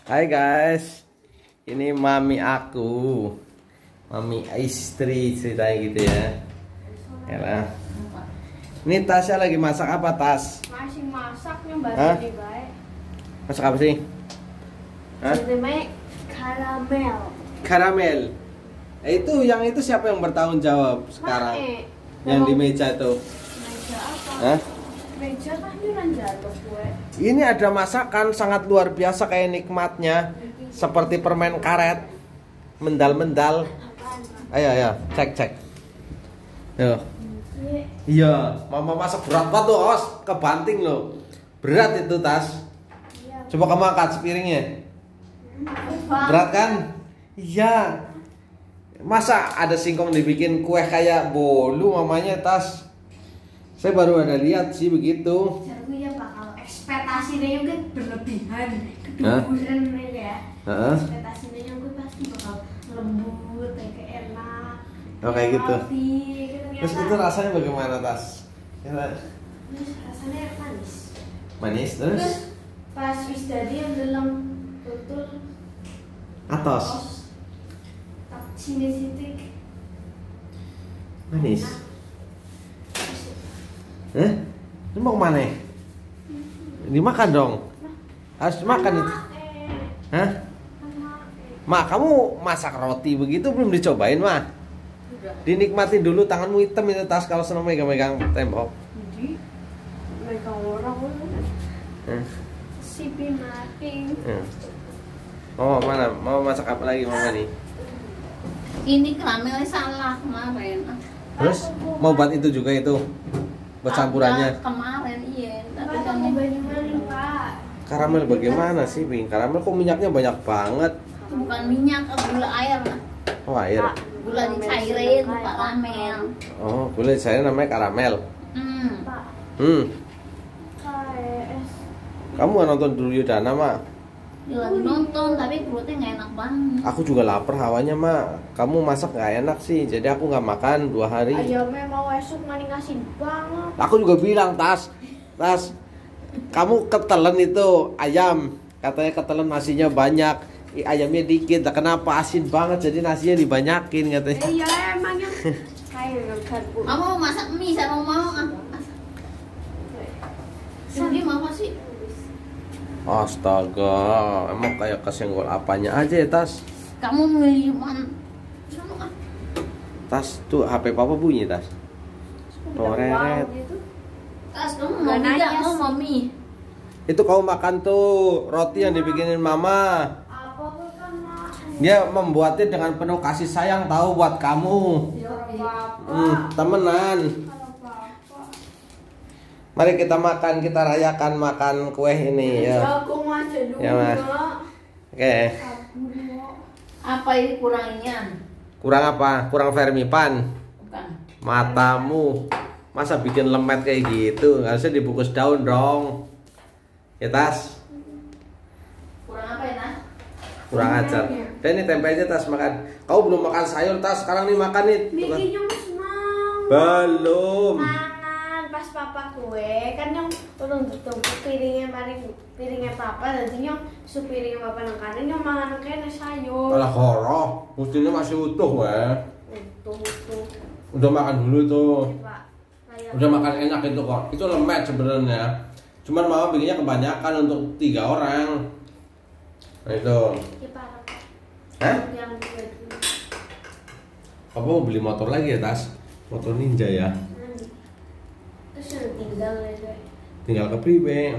Hai guys, ini mami aku, mami istri ceritanya gitu ya. Yalah. Ini tasnya lagi masak apa Tas? Masih masak yang baik. Masak apa sih? karamel. Karamel. Eh, itu yang itu siapa yang bertanggung jawab sekarang? Eh, yang di meja itu. Meja apa? Hah? Ini ada masakan sangat luar biasa kayak nikmatnya seperti permen karet mendal-mendal. Ayo ayo cek cek. Yo. Iya, iya mama masak berat banget tuh, Os. Kebanting loh. Berat itu tas. Iya. Coba kamu angkat sepiringnya. Hmm, berat kan? Iya. Masa ada singkong dibikin kue kayak bolu mamanya tas? saya baru ada lihat sih begitu jadi ya pak kalau ekspektasinya juga berlebihan keduburan ya uh-huh. ekspektasinya juga pasti bakal lembut kayak enak oh kayak gitu, gitu terus itu rasanya bagaimana tas terus rasanya manis manis terus, terus pas wis jadi yang dalam betul atas Tak cinesitik manis eh ini mau kemana Ini makan dong harus makan itu hah mak kamu masak roti begitu belum dicobain Ma? dinikmati dulu tanganmu hitam itu tas kalau senang megang-megang tembok di megang orang eh. sipi mati oh eh. mana mau masak apa lagi mama nih ini keramel salah kemarin terus mau buat itu juga itu campurannya kemarin iya tapi kamu karamel bagaimana sih Bing? Karamel kok minyaknya banyak banget? Bukan minyak, eh, gula air. Oh air. Pak, gula dicairin, pak karamel. Oh, gula dicairin namanya karamel. Hmm. Hmm. Kamu nonton dulu Yudana, Mak? lagi nonton tapi perutnya nggak enak banget aku juga lapar hawanya mak kamu masak nggak enak sih jadi aku nggak makan dua hari ayamnya mau esok mani asin banget aku juga bilang tas tas kamu ketelan itu ayam katanya ketelan nasinya banyak ayamnya dikit kenapa asin banget jadi nasinya dibanyakin katanya iya emangnya kamu mau masak mie sama mau ah, masak sedih mama sih Astaga, emang kayak kesenggol apanya aja ya tas? Kamu miliuman. Tas tuh HP papa bunyi tas. Toreret. Gitu. Tas kamu mau nanya mau mami. Itu kamu makan tuh roti yang nah. dibikinin mama. Dia membuatnya dengan penuh kasih sayang tahu buat kamu. Hmm, temenan. Mari kita makan, kita rayakan makan kue ini iya, ya. Aku aja dulu. Ya, Mas. Oke. Okay. Apa ini kurangnya? Kurang apa? Kurang fermipan. Bukan. Matamu. Masa bikin lemet kayak gitu? Harusnya dibungkus daun dong. Ya tas. Kurang apa ya tas? Kurang ajar. Ya. Dan ini tempe aja tas makan. Kau belum makan sayur tas. Sekarang nih makan nih. Bikinnya kan. belum. Belum papa kue kan yang urung ditumpuk piringnya mari piringnya papa jadi yang su piringnya papa nang kanan yang mangan kene sayur malah koro mestinya masih utuh weh ya. utuh utuh udah makan dulu tuh ya, udah makan enak itu kok itu lemet sebenarnya cuman mama bikinnya kebanyakan untuk tiga orang nah, itu iya, Hah? Apa mau beli motor lagi ya tas motor ninja ya tinggal aja ya, tinggal ke pribe iya,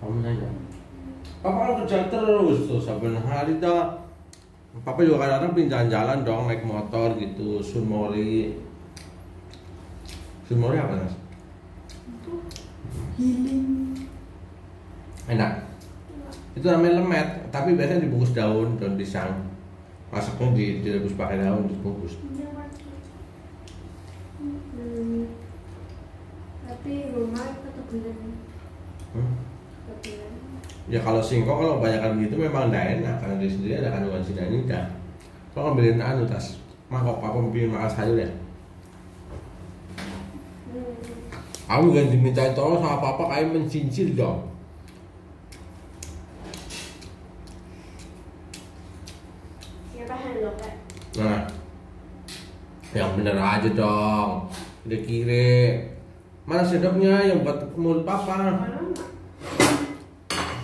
Kamu saja. Papa kerja terus tuh saben hari dah. Papa juga kadang-kadang pinjaman jalan dong naik motor gitu, Sunmori. Sunmori apa nas? itu namanya lemet tapi biasanya dibungkus daun daun pisang masaknya di direbus pakai daun dibungkus iya, hmm. tapi rumah itu ya? hmm? ya kalau singkong kalau kebanyakan begitu memang tidak enak karena di sendiri ada kandungan sidanida kalau ngambilin anu tas mangkok apa bikin makan sayur ya hmm. aku ganti minta tolong sama papa kayak mencincil dong yang bener aja dong udah kiri mana sedapnya yang buat mulut papa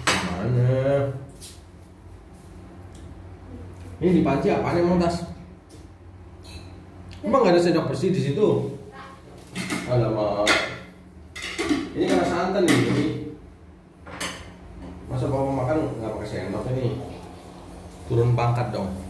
mana ini dipanci apa emang tas emang gak ada sedap bersih di situ alamak ini karena santan nih jadi masa papa makan nggak pakai sendok ini turun pangkat dong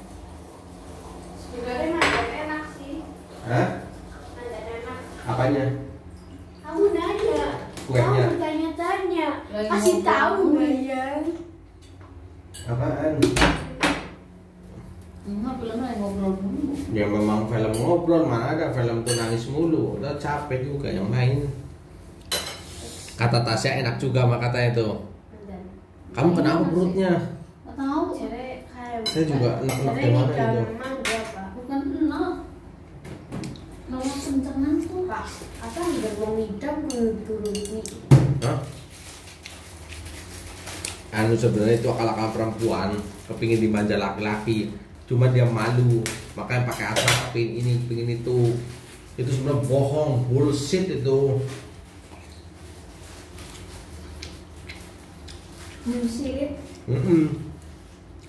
ngobrol mana ada film tuh nangis mulu udah capek juga yang main kata Tasya enak juga mah katanya tuh kamu kenapa iya, perutnya tahu saya juga enak-enak di mana itu bukan enak kalau kencangan tuh apa ada mau hidang menuruti Hah? anu sebenarnya itu akal-akal perempuan kepingin dimanja laki-laki cuma dia malu makanya pakai apa pingin ini pingin itu itu sebenarnya bohong bullshit itu bullshit mm -mm.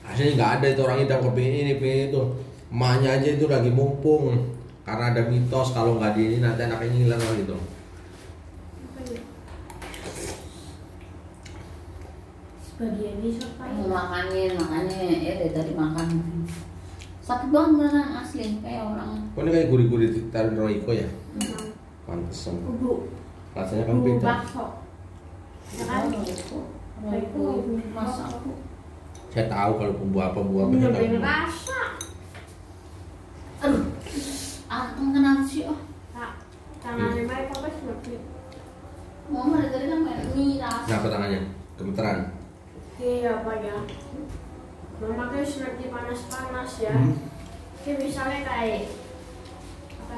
aslinya nggak ada itu orang hidang pingin ini pingin itu emaknya aja itu lagi mumpung karena ada mitos kalau nggak di ini nanti anaknya ngilang gitu ya? ini siapa ya? makannya makannya ya dari tadi makan sakit banget beneran asli kayak orang oh ini kayak gurih-gurih taruh Royco ya hmm. pantesan ubu rasanya kan beda bakso ya kan Royco Royco masak aku saya tahu kalau bumbu apa bumbu apa saya rasa aduh aku ah, kenal sih oh tak tangannya baik apa sih mau dari tadi kan main ini rasa. Kenapa tangannya? Gemeteran? Iya, pak ya? memakai sering dipanas-panas ya hmm. Oke, misalnya kayak apa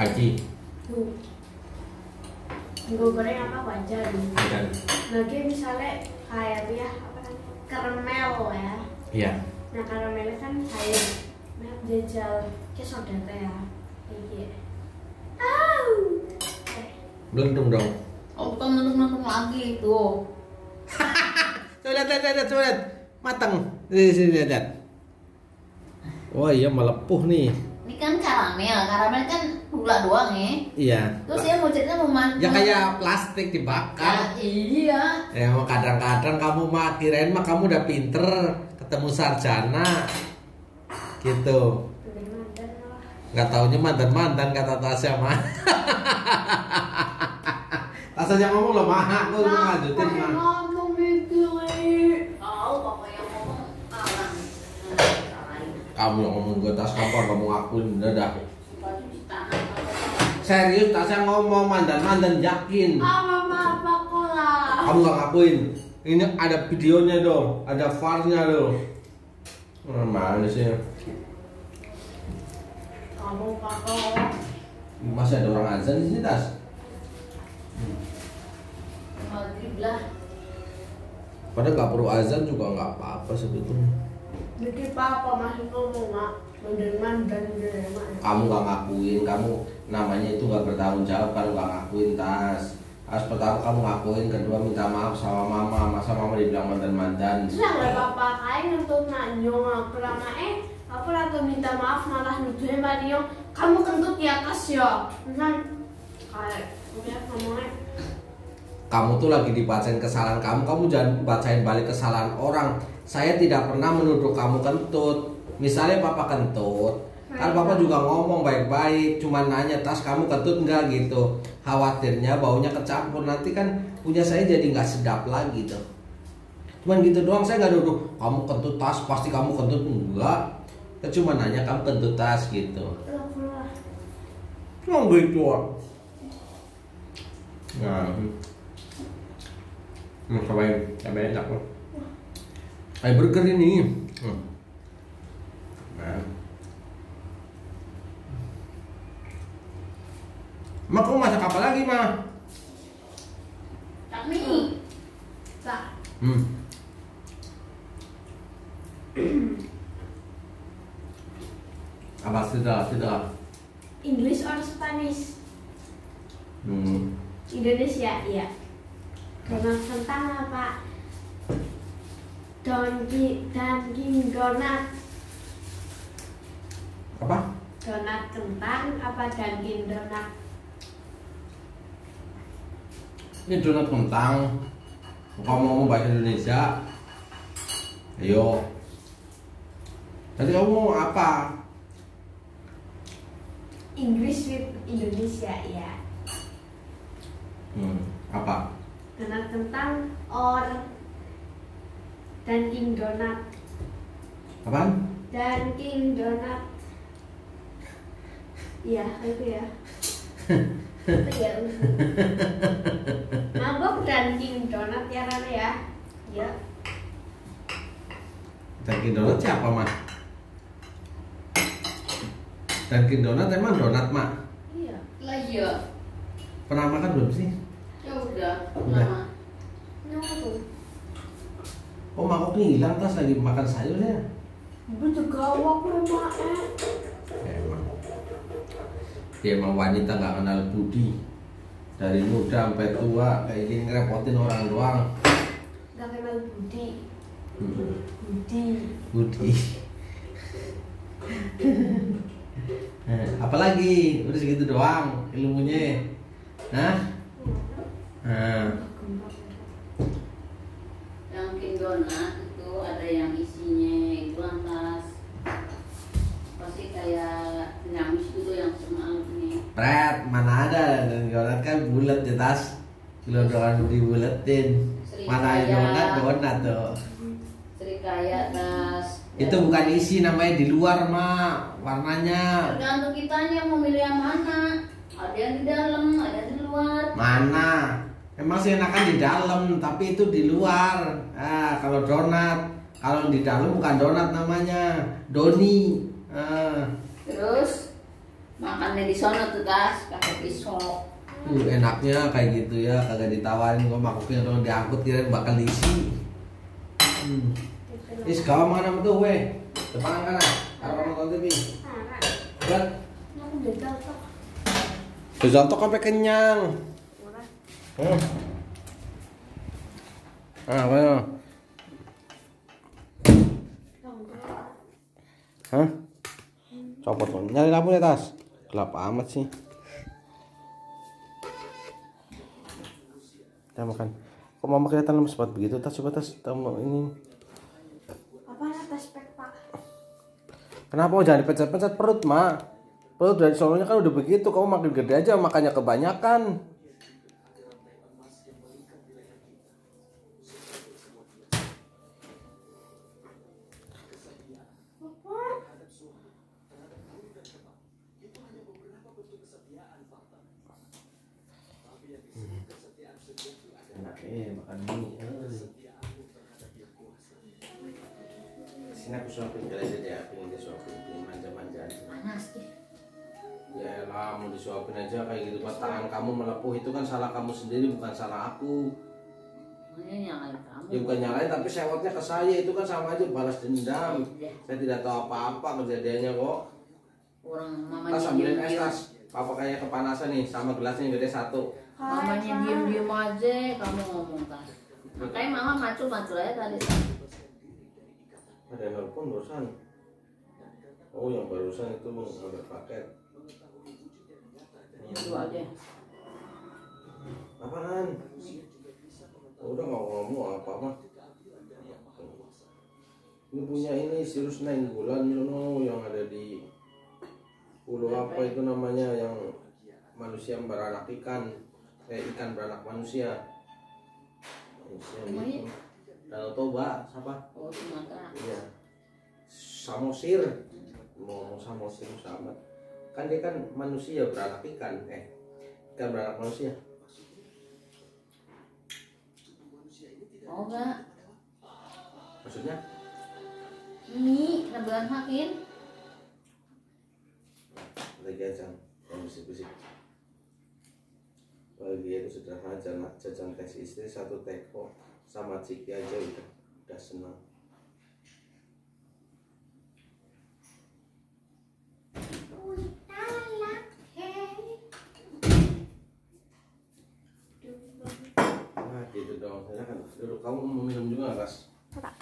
Aji. Tuh. goreng apa wajar Wajar. Lagi misalnya kayak ya apa kan karamel ya. Iya. Nah karamel kan kayak nah jajal ke soda teh ya. Iya. Au. Belentung dong. Oh, bukan menung-menung lagi tuh. Coba lihat, lihat, lihat, coba lihat matang. Wah eh, oh, iya melepuh nih. Ini kan karamel, karamel kan gula doang ya. Iya. Terus dia mau cerita mau makan. Ya kayak plastik dibakar. Ya, iya. Ya kadang-kadang kamu mah kirain mah kamu udah pinter ketemu sarjana gitu. Gak taunya mantan-mantan kata Tasya mah. Tasya ngomong loh, mah aku lanjutin mah. Ngomong gitu, kamu yang ngomong gue tas kotor kamu ngakuin dadah dah serius tasnya ngomong mandan mandan yakin oh, apa lah kamu gak ngakuin ini ada videonya dong ada farnya dong oh, mana sih kamu pakai masih ada orang azan di sini tas Maghrib lah. Padahal nggak perlu azan juga nggak apa-apa sebetulnya. Jadi papa masih ngomong mak dan Kamu gak ngakuin, kamu namanya itu gak bertanggung jawab kalau gak ngakuin tas. Harus pertama kamu ngakuin, kedua minta maaf sama mama, masa mama dibilang mantan-mantan. Tidak nggak apa-apa, kain untuk nanyong, kelama eh aku lagi minta maaf malah nuduhnya Mbak kamu kentut di atas ya misal kayak eh. kamu tuh lagi dibacain kesalahan kamu kamu jangan bacain balik kesalahan orang saya tidak pernah menuduh kamu kentut misalnya papa kentut kan papa juga ngomong baik-baik cuma nanya tas kamu kentut nggak gitu khawatirnya baunya kecampur nanti kan punya saya jadi nggak sedap lagi tuh cuman gitu doang saya nggak duduk, kamu kentut tas pasti kamu kentut enggak saya cuma nanya kamu kentut tas gitu cuma gitu Nah, hmm. cobain, cabai enak loh. Eyebrow कर रही नहीं है ini donat kentang kalau mau bahasa Indonesia ayo tadi kamu mau apa Inggris with Indonesia ya hmm, apa donat kentang or King donat apaan King donat iya itu ya ya mabok dan King Donat ya Rana ya ya Dunkin Donat siapa mak? Dunkin Donat emang donat mak? Iya. Lah iya. Pernah makan belum sih? Ya udah. Udah. Nunggu. Oh mangkoknya hilang tas lagi makan sayurnya. Bener gawak Mak. Eh. Emang dia emang wanita nggak kenal budi dari muda sampai tua kayak gini ngerepotin orang doang nggak kenal budi budi budi apalagi udah segitu doang ilmunya nah yang pret mana ada dan donat kan bulat di tas kilo donat bulatin, mana ada donat donat tuh serikaya nas itu bukan isi namanya di luar mak warnanya tergantung kitanya mau memilih yang mana ada yang di dalam ada yang di luar mana Emang sih enakan di dalam, tapi itu di luar. Ah, kalau donat, kalau di dalam bukan donat namanya, doni. Ah. Terus makannya di sono tuh tas pakai pisau Uh, enaknya kayak gitu ya kagak ditawarin kok makukin atau diangkut kira-kira bakal diisi hmm. Gitu. is kau mana tuh weh depan kanan mau nonton TV berat Zontok sampai kenyang. Hmm. Ah, well. Hah? Copot dong. Nyari lampu di ya, atas gelap amat sih kita makan kok mama kelihatan lemes banget begitu tas coba tas tamu ini apa tas pek pak kenapa jangan dipencet-pencet perut mak perut dari soalnya kan udah begitu kamu makin gede aja makannya kebanyakan eh makan mie sini aku suapin kali ya, aja deh aku ini suapin pengen manja-manja panas deh ya lah mau disuapin aja kayak gitu buat tangan kamu melepuh itu kan salah kamu sendiri bukan salah aku nyalain kamu ya bukan nyalain tapi sewotnya ke saya itu kan sama aja balas dendam ya. saya tidak tahu apa-apa kejadiannya kok orang mamanya tas ambilin es tas papa kayak kepanasan nih sama gelasnya gede satu mamanya diem diem aja kamu ngomong kan makanya mama macul macul aja tadi ada handphone barusan oh yang barusan itu ada paket itu aja apaan oh, udah nggak ngomong apa apa ini punya ini sirus neng bulan you know, yang ada di pulau apa itu namanya yang manusia beranak ikan kayak ikan beranak manusia manusia gitu. Danau Toba siapa oh Sumatera iya Samosir mau ngomong Samosir sama kan dia kan manusia beranak ikan eh ikan beranak manusia oh, enggak maksudnya ini rebahan hakin lagi aja yang bisik-bisik bahagia itu sederhana jangan jajan tes istri satu teko sama ciki aja udah udah senang nah, gitu kan duduk kamu mau minum juga kas Tidak.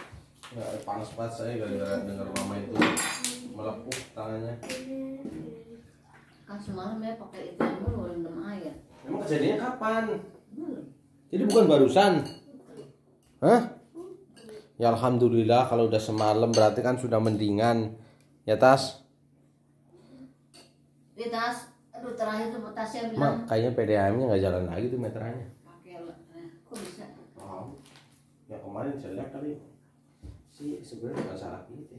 Nggak, panas banget saya gara-gara dengar mama itu melepuh tangannya. Iya, iya kan semalam ya pakai itu mulu rendam air emang kejadiannya kapan hmm. jadi bukan barusan Hah? Ya alhamdulillah kalau udah semalam berarti kan sudah mendingan. Ya tas. Ya tas, aduh terakhir tuh tasnya bilang. Mak, kayaknya PDAM-nya nggak jalan lagi tuh meterannya. Pakai eh, kok bisa? Oh. Ya kemarin jelek kali. sih sebenarnya nggak salah gitu.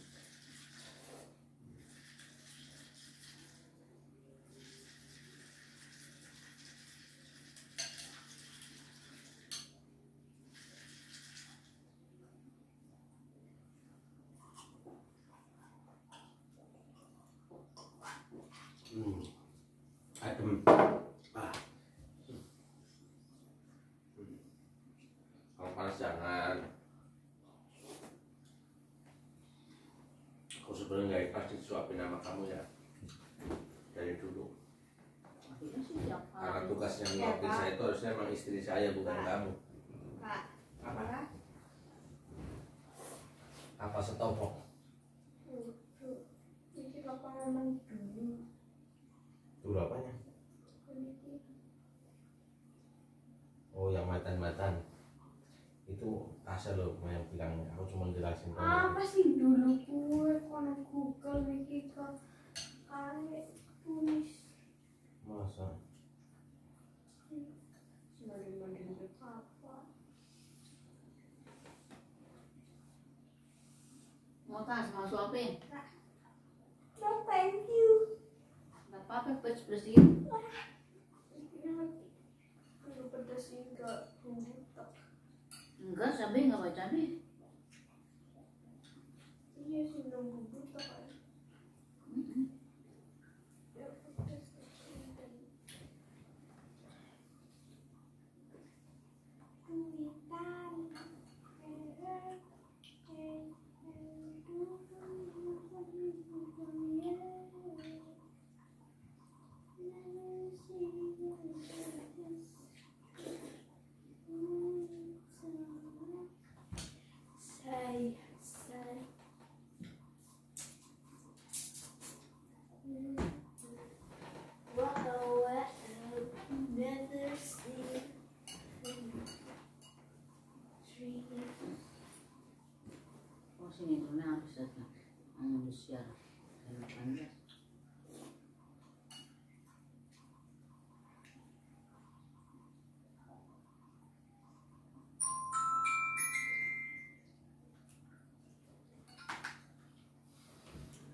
suapin nama kamu ya dari dulu karena tugas yang ya, saya itu harusnya memang istri saya bukan Pak. kamu Pak. apa apa setopok Tur apanya? Oh yang matan-matan Itu Asa lo yang bilang aku cuma jelasin ah, apa kamu. sih dulu gue kono Google ke kali tulis masa mau tas mau suapin nah, no thank you nggak apa-apa bersih 没，我也没。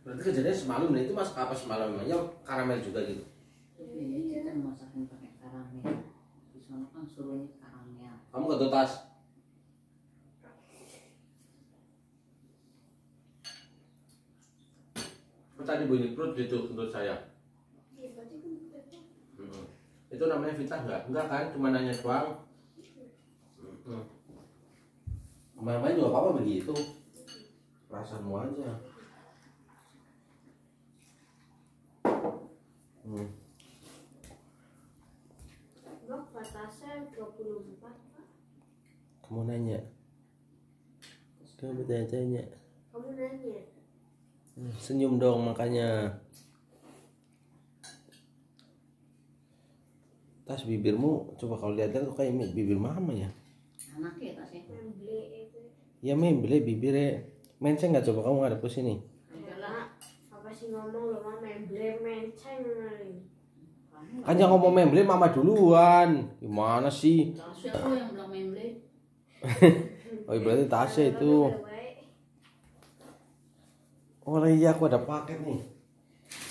berarti kejadian semalam nih itu mas apa semalam namanya karamel juga gitu iya, iya, iya kita masakin pakai karamel di sana kan suruhnya karamel kamu tuntas. tas tadi bunyi perut gitu menurut saya hmm. itu namanya fitnah nggak enggak kan cuma nanya doang hmm. kemarin juga apa begitu perasaanmu aja hmm. dua batasnya 24 Pak. Kamu nanya. Kamu bertanya Kamu nanya. Hmm, senyum dong makanya. Tas bibirmu coba kalau lihat tuh kayak bibir mama ya. Anak ya tasnya. Ya itu. Ya beli bibirnya. saya nggak coba kamu ngadep ke sini? ngomong lo mah memblem menceng kan yang ngomong memble mama duluan gimana sih siapa yang bilang memble oh berarti tasnya itu oh iya aku ada paket nih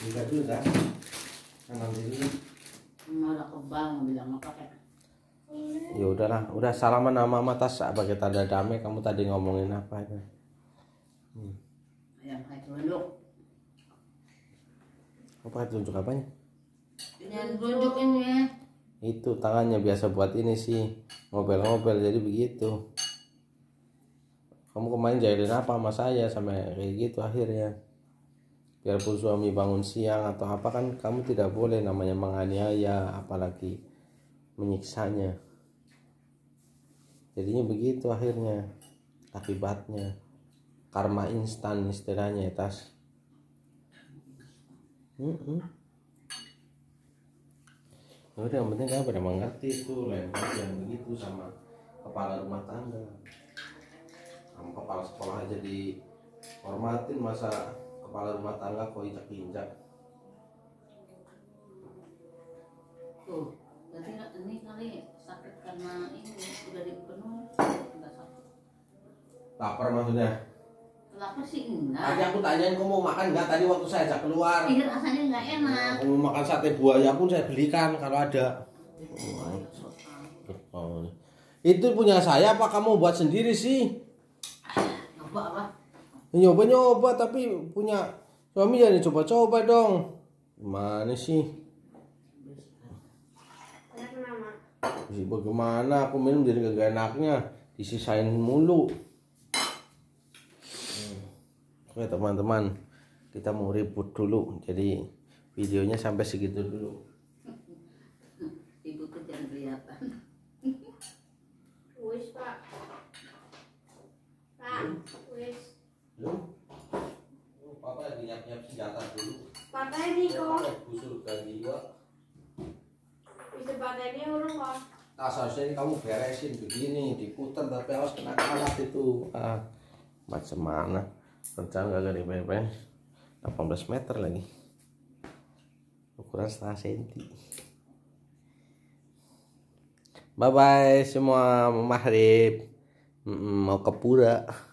buka dulu tas tangan dulu malah kebang bilang mau paket ya udahlah udah salaman nama mama tas apa kita ada damai kamu tadi ngomongin apa ya hmm. ayam kayak dulu Mau pakai telunjuk apanya? Telunjuk ini ya. Itu tangannya biasa buat ini sih. Ngobel-ngobel jadi begitu. Kamu kemarin jahilin apa sama saya sampai kayak gitu akhirnya. Biarpun suami bangun siang atau apa kan kamu tidak boleh namanya menganiaya apalagi menyiksanya. Jadinya begitu akhirnya akibatnya karma instan istilahnya ya tas Hmm, hmm yang penting kan pada mengerti itu language yang begitu sama kepala rumah tangga. Sama kepala sekolah aja hormatin masa kepala rumah tangga kok injak-injak. Tuh, berarti ini kali sakit karena ini sudah dipenuh nggak sakit. Lapar maksudnya? Lapar sih enggak. Tadi aku tanyain kamu mau makan enggak tadi waktu saya ajak keluar. Iya rasanya enggak enak. Nah, kamu mau makan sate buaya pun saya belikan kalau ada. Oh. Itu punya saya apa kamu buat sendiri sih? Nyoba apa? Nyoba-nyoba tapi punya suami jadi ya coba-coba dong. Mana sih? Bagaimana aku minum jadi gak enaknya disisain mulu. Oke teman-teman kita mau ribut dulu jadi videonya sampai segitu dulu ribut jangan kelihatan wis pak pak wis lu papa lagi nyiap nyiap senjata dulu papa ini iya, kok busur ganti gua bisa papa ini urung kok Nah, seharusnya kamu beresin begini, diputar tapi harus kena alat itu. Ah, macam mana? nggak kagak di pepeng 18 meter lagi ukuran setengah senti bye bye semua maghrib mau ke pura